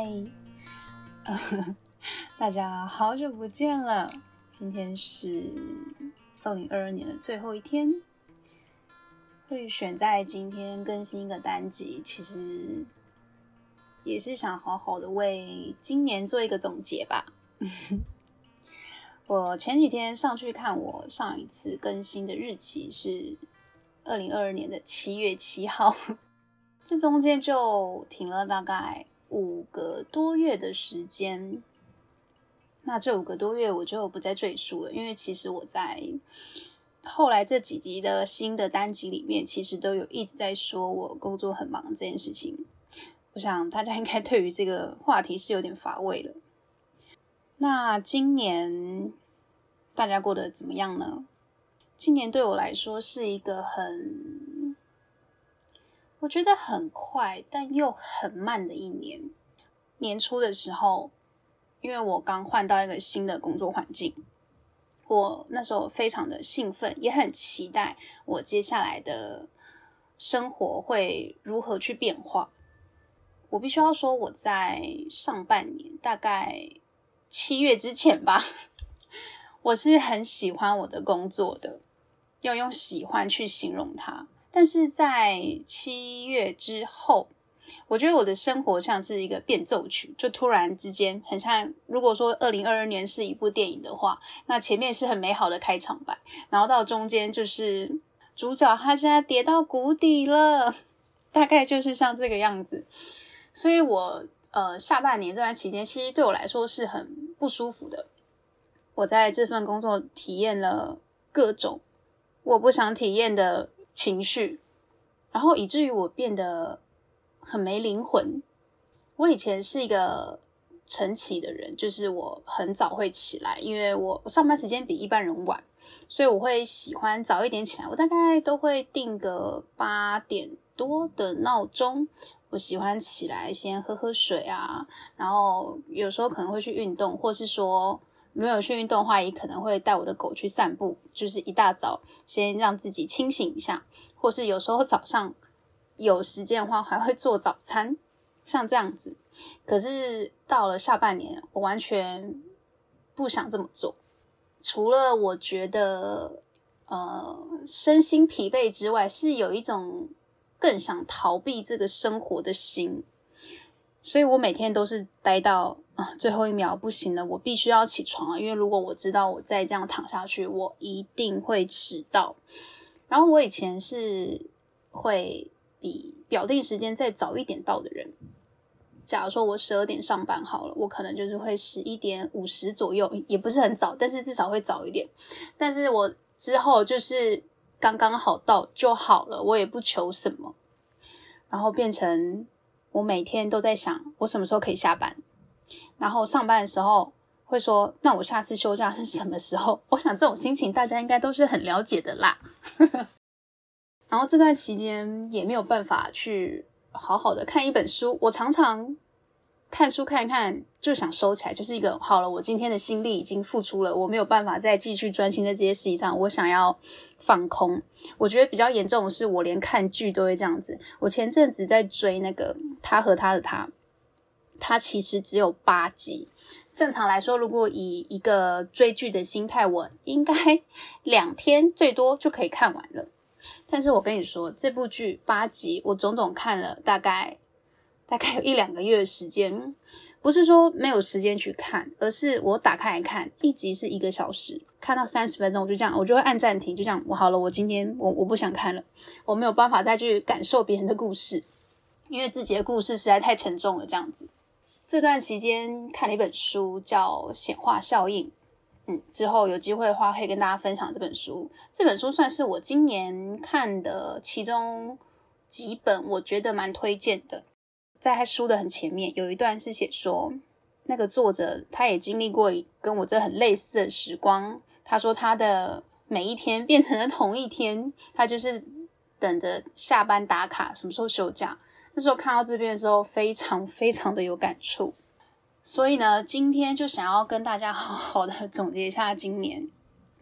嗨，呃、大家好久不見了！今天是二零二二年的最後一天，會選在今天更新一個單集，其實也是想好好的為今年做一個總結吧。 我前幾天上去看，我上一次更新的日期是二零二二年的七月七號，這中間就停了大概，五個多月的時間，那這五個多月我就不再贅述了，因為其實我在後來這幾集的新的單集裡面，其實都有一直在說我工作很忙這件事情。我想大家應該對於這個話題是有點乏味了。那今年大家過得怎麼樣呢？今年對我來說是一個很我覺得很快，但又很慢的一年。年初的時候，因為我剛換到一個新的工作環境，我那時候非常的興奮，也很期待我接下來的生活會如何去變化。我必須要說，我在上半年，大概七月之前吧，我是很喜歡我的工作的，要用喜歡去形容它。但是在七月之後，我覺得我的生活像是一個變奏曲，就突然之間很像。如果說二零二二年是一部電影的話，那前面是很美好的開場白，然後到中間就是主角他現在跌到谷底了，大概就是像這個樣子。所以我呃下半年這段期間，其實對我來說是很不舒服的。我在這份工作體驗了各種我不想體驗的。情緒，然後以至於我變得很沒靈魂。我以前是一個晨起的人，就是我很早會起來，因為我上班時間比一般人晚，所以我會喜歡早一點起來。我大概都會定個八點多的鬧鐘，我喜歡起來先喝喝水啊，然後有時候可能會去運動，或是說。沒有去運動的話，也可能會帶我的狗去散步，就是一大早先讓自己清醒一下，或是有時候早上有時間的話，還會做早餐，像這樣子。可是到了下半年，我完全不想這麼做，除了我覺得，呃，身心疲憊之外，是有一種更想逃避這個生活的心，所以我每天都是待到。啊，最後一秒不行了，我必須要起床了，因為如果我知道我再這樣躺下去，我一定會遲到。然後我以前是會比表定時間再早一點到的人。假如說我十二點上班好了，我可能就是會十一點五十左右，也不是很早，但是至少會早一點。但是我之後就是剛剛好到就好了，我也不求什麼。然後變成我每天都在想，我什麼時候可以下班。然後上班的時候會說：“那我下次休假是什麼時候？”我想這種心情大家應該都是很了解的啦。 然後這段期間也沒有辦法去好好的看一本書，我常常看書看一看就想收起來，就是一個好了，我今天的心力已經付出了，我沒有辦法再繼續專心在這些事情上，我想要放空。我覺得比較嚴重的是，我連看劇都會這樣子。我前陣子在追那個《他和他的他》。它其實只有八集。正常來說，如果以一個追劇的心態，我應該兩天最多就可以看完了。但是我跟你說，這部劇八集，我總總看了大概大概有一兩個月的時間，不是說沒有時間去看，而是我打開來看，一集是一個小時，看到三十分鐘，我就這樣，我就會按暫停，就這樣，我好了，我今天我我不想看了，我沒有辦法再去感受別人的故事，因為自己的故事實在太沉重了，這樣子。這段期間看了一本書，叫《顯化效應》，嗯，之後有機會的話可以跟大家分享這本書。這本書算是我今年看的其中幾本，我覺得蠻推薦的。在他書的很前面，有一段是寫說，那個作者他也經歷過跟我這很類似的時光。他說他的每一天變成了同一天，他就是等着下班打卡，什麼時候休假。這時候看到這邊的時候，非常非常的有感觸，所以呢，今天就想要跟大家好好的總結一下今年。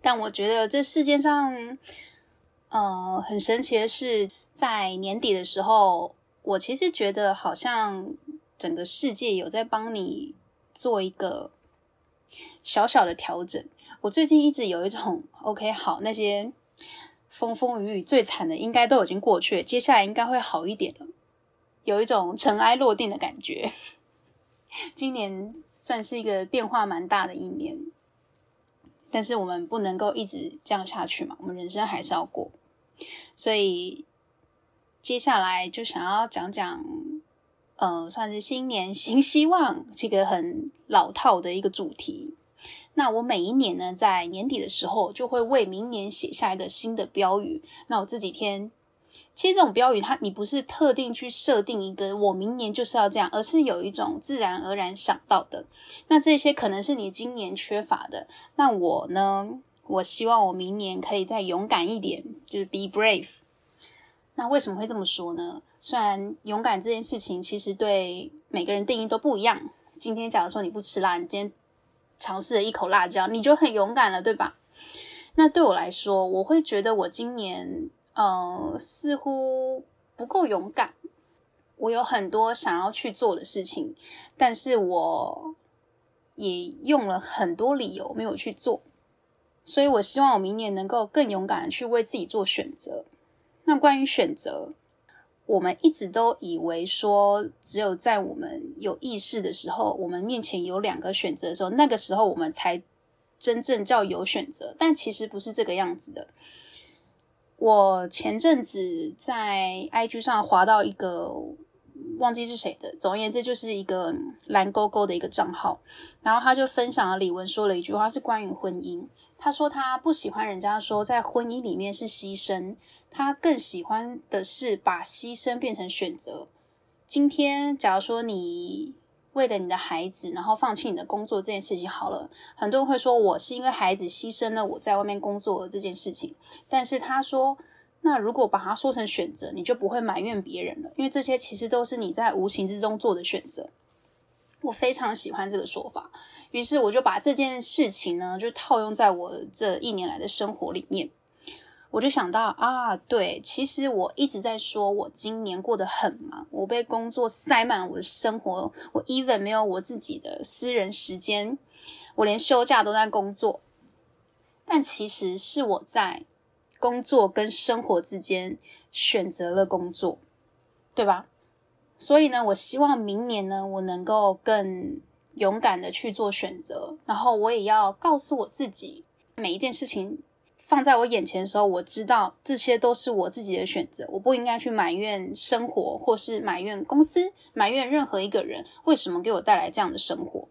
但我覺得這世界上，呃，很神奇的是，在年底的時候，我其實覺得好像整個世界有在幫你做一個小小的調整。我最近一直有一種 OK，好，那些風風雨雨最慘的應該都已經過去，接下來應該會好一點的。有一種塵埃落定的感覺。今年算是一個變化蠻大的一年，但是我們不能夠一直這樣下去嘛，我們人生還是要過。所以接下來就想要講講，呃，算是新年新希望，這個很老套的一個主題。那我每一年呢，在年底的時候就會為明年寫下一個新的標語。那我這幾天。其實這種標語，它你不是特定去設定一個我明年就是要這樣，而是有一種自然而然想到的。那這些可能是你今年缺乏的。那我呢？我希望我明年可以再勇敢一點，就是 be brave。那為什麼會這麼說呢？雖然勇敢這件事情其實對每個人定義都不一樣。今天假如說你不吃辣，你今天嘗試了一口辣椒，你就很勇敢了，對吧？那對我來說，我會覺得我今年，嗯、呃，似乎不夠勇敢。我有很多想要去做的事情，但是我也用了很多理由沒有去做。所以，我希望我明年能夠更勇敢地去為自己做選擇。那關於選擇，我們一直都以為說，只有在我們有意識的時候，我們面前有兩個選擇的時候，那個時候我們才真正叫有選擇。但其實不是這個樣子的。我前陣子在 IG 上滑到一個忘記是誰的，總而言之就是一個藍勾勾的一個賬號，然後他就分享了李玟說了一句話，是關於婚姻，他說他不喜歡人家說在婚姻裡面是犧牲，他更喜歡的是把犧牲變成選擇。今天，假如說你為了你的孩子，然後放棄你的工作這件事情，好了，很多人會說我是因為孩子犧牲了我在外面工作的這件事情。但是他說，那如果把它說成選擇，你就不會埋怨別人了，因為這些其實都是你在無形之中做的選擇。我非常喜歡這個說法，於是我就把這件事情呢，就套用在我這一年來的生活裡面。我就想到啊，對，其實我一直在說，我今年過得很忙，我被工作塞滿我的生活，我 even 沒有我自己的私人時間，我連休假都在工作。但其實是我在工作跟生活之間選擇了工作，對吧？所以呢，我希望明年呢，我能夠更勇敢地去做選擇，然後我也要告訴我自己，每一件事情。放在我眼前的時候，我知道這些都是我自己的選擇，我不應該去埋怨生活，或是埋怨公司，埋怨任何一個人為什麼給我帶來這樣的生活。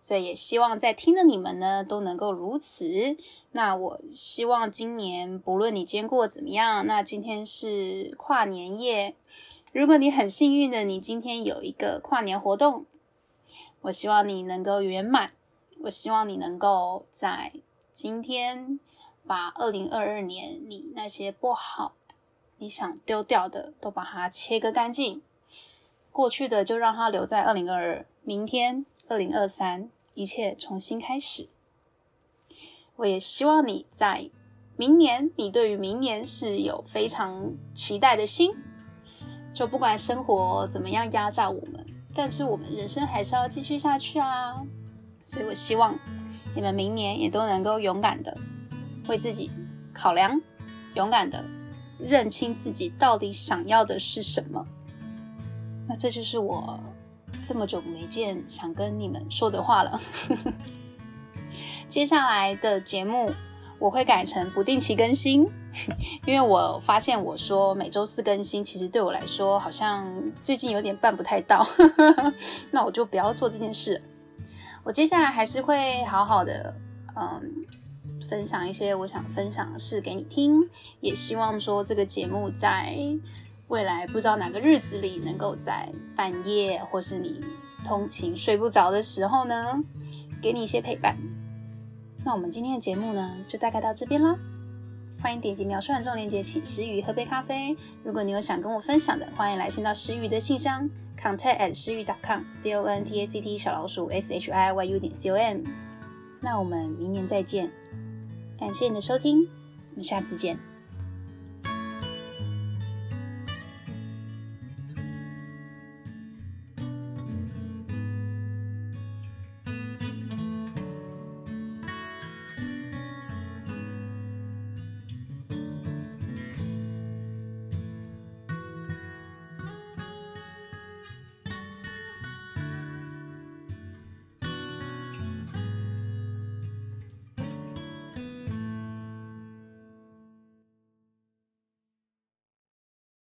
所以也希望在聽的你們呢，都能夠如此。那我希望今年不論你今天過得怎麼樣，那今天是跨年夜，如果你很幸運的，你今天有一個跨年活動，我希望你能夠圓滿，我希望你能夠在今天。把二零二二年你那些不好的，你想丟掉的都把它切割乾淨，過去的就讓它留在二零二二，明天二零二三，一切重新開始。我也希望你在明年，你對於明年是有非常期待的心，就不管生活怎麼樣壓榨我們，但是我們人生還是要繼續下去啊。所以我希望你們明年也都能夠勇敢的。為自己考量，勇敢的認清自己到底想要的是什麼。那這就是我這麼久沒見想跟你們說的話了。 接下來的節目我會改成不定期更新，因為我發現我說每周四更新，其實對我來說好像最近有點辦不太到。 那我就不要做這件事。我接下來還是會好好的，嗯。分享一些我想分享的事給你聽，也希望說這個節目在未來不知道哪個日子裡，能夠在半夜或是你通勤睡不着的時候呢，給你一些陪伴。那我們今天的節目呢，就大概到這邊啦。歡迎點擊描述中的連結，請師佾萮喝杯咖啡。如果你有想跟我分享的，歡迎來信到師佾萮的信箱，contact at shiiyu 點 com，contact 小老鼠 shiiyu 點 com。那我們明年再見。感謝你的收聽，我們下次見。